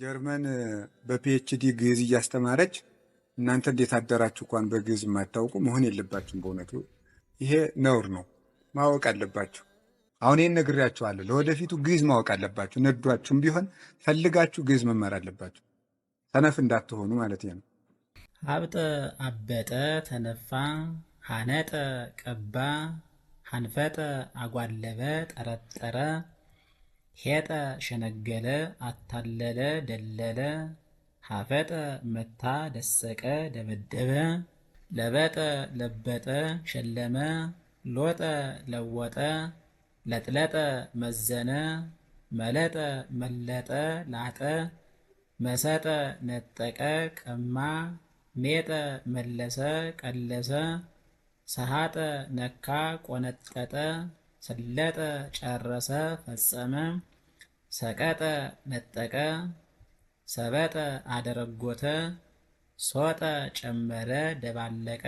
ጀርመን በፒኤችዲ ግዕዝ እያስተማረች እናንተ እንዴት አደራችሁ እንኳን በግዕዝ የማታውቁ መሆን የለባችሁም። በእውነቱ ይሄ ነውር ነው፣ ማወቅ አለባችሁ። አሁን ይህን ነግሬያችኋለሁ። ለወደፊቱ ግዕዝ ማወቅ አለባችሁ። ነዷችሁም ቢሆን ፈልጋችሁ ግዕዝ መማር አለባችሁ። ሰነፍ እንዳትሆኑ ማለት ነው። ሀብጠ አበጠ ተነፋ ሀነጠ ቀባ ሀንፈጠ አጓለበ ጠረጠረ ሄጠ ሸነገለ አታለለ ደለለ ሀፈጠ መታ ደሰቀ ደበደበ ለበጠ ለበጠ ሸለመ ሎጠ ለወጠ ለጥለጠ መዘነ መለጠ መለጠ ላጠ መሰጠ ነጠቀ ቀማ ሜጠ መለሰ፣ ቀለሰ፣ ሰሃጠ ነካ፣ ቆነጠጠ፣ ሰለጠ ጨረሰ፣ ፈጸመ፣ ሰቀጠ ነጠቀ፣ ሰበጠ አደረጎተ፣ ሶጠ ጨመረ፣ ደባለቀ፣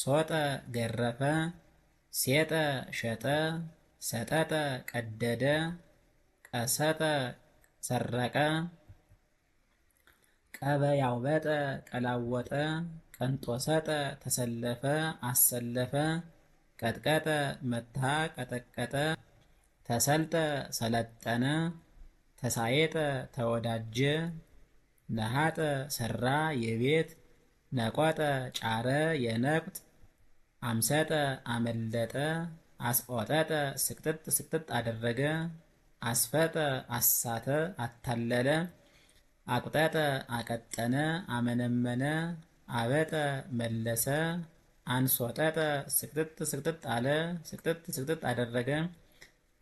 ሶጠ ገረፈ፣ ሴጠ ሸጠ፣ ሰጠጠ ቀደደ፣ ቀሰጠ ሰረቀ ቀበ ያውበጠ ቀላወጠ ቀንጦሰጠ ተሰለፈ አሰለፈ ቀጥቀጠ መታ ቀጠቀጠ ተሰልጠ ሰለጠነ ተሳየጠ ተወዳጀ ነሃጠ ሰራ የቤት ነቆጠ ጫረ የነቁጥ አምሰጠ አመለጠ አስቆጠጠ ስቅጥጥ ስቅጥጥ አደረገ አስፈጠ አሳተ አታለለ አቁጠጠ አቀጠነ አመነመነ አበጠ መለሰ አንሶጠጠ ስቅጥጥ ስቅጥጥ አለ ስቅጥጥ ስቅጥጥ አደረገ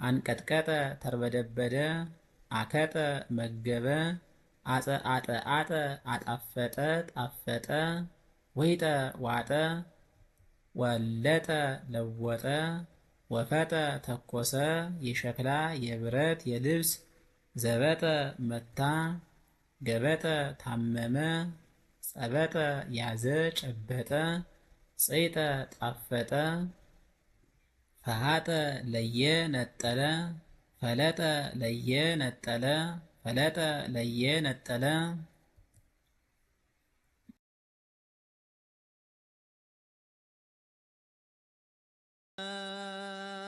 አንቀጥቀጠ ተርበደበደ አከጠ መገበ አጠ አጠአጠ አጣፈጠ ጣፈጠ ወይጠ ዋጠ ወለጠ ለወጠ ወፈጠ ተኮሰ የሸክላ የብረት የልብስ ዘበጠ መታ جبتا تمما سأباتا يعزج أباتا سيتا تعفتا فهاتا ليانا التلا فلاتا ليانا التلا فلاتا ليانا التلا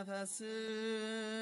فسر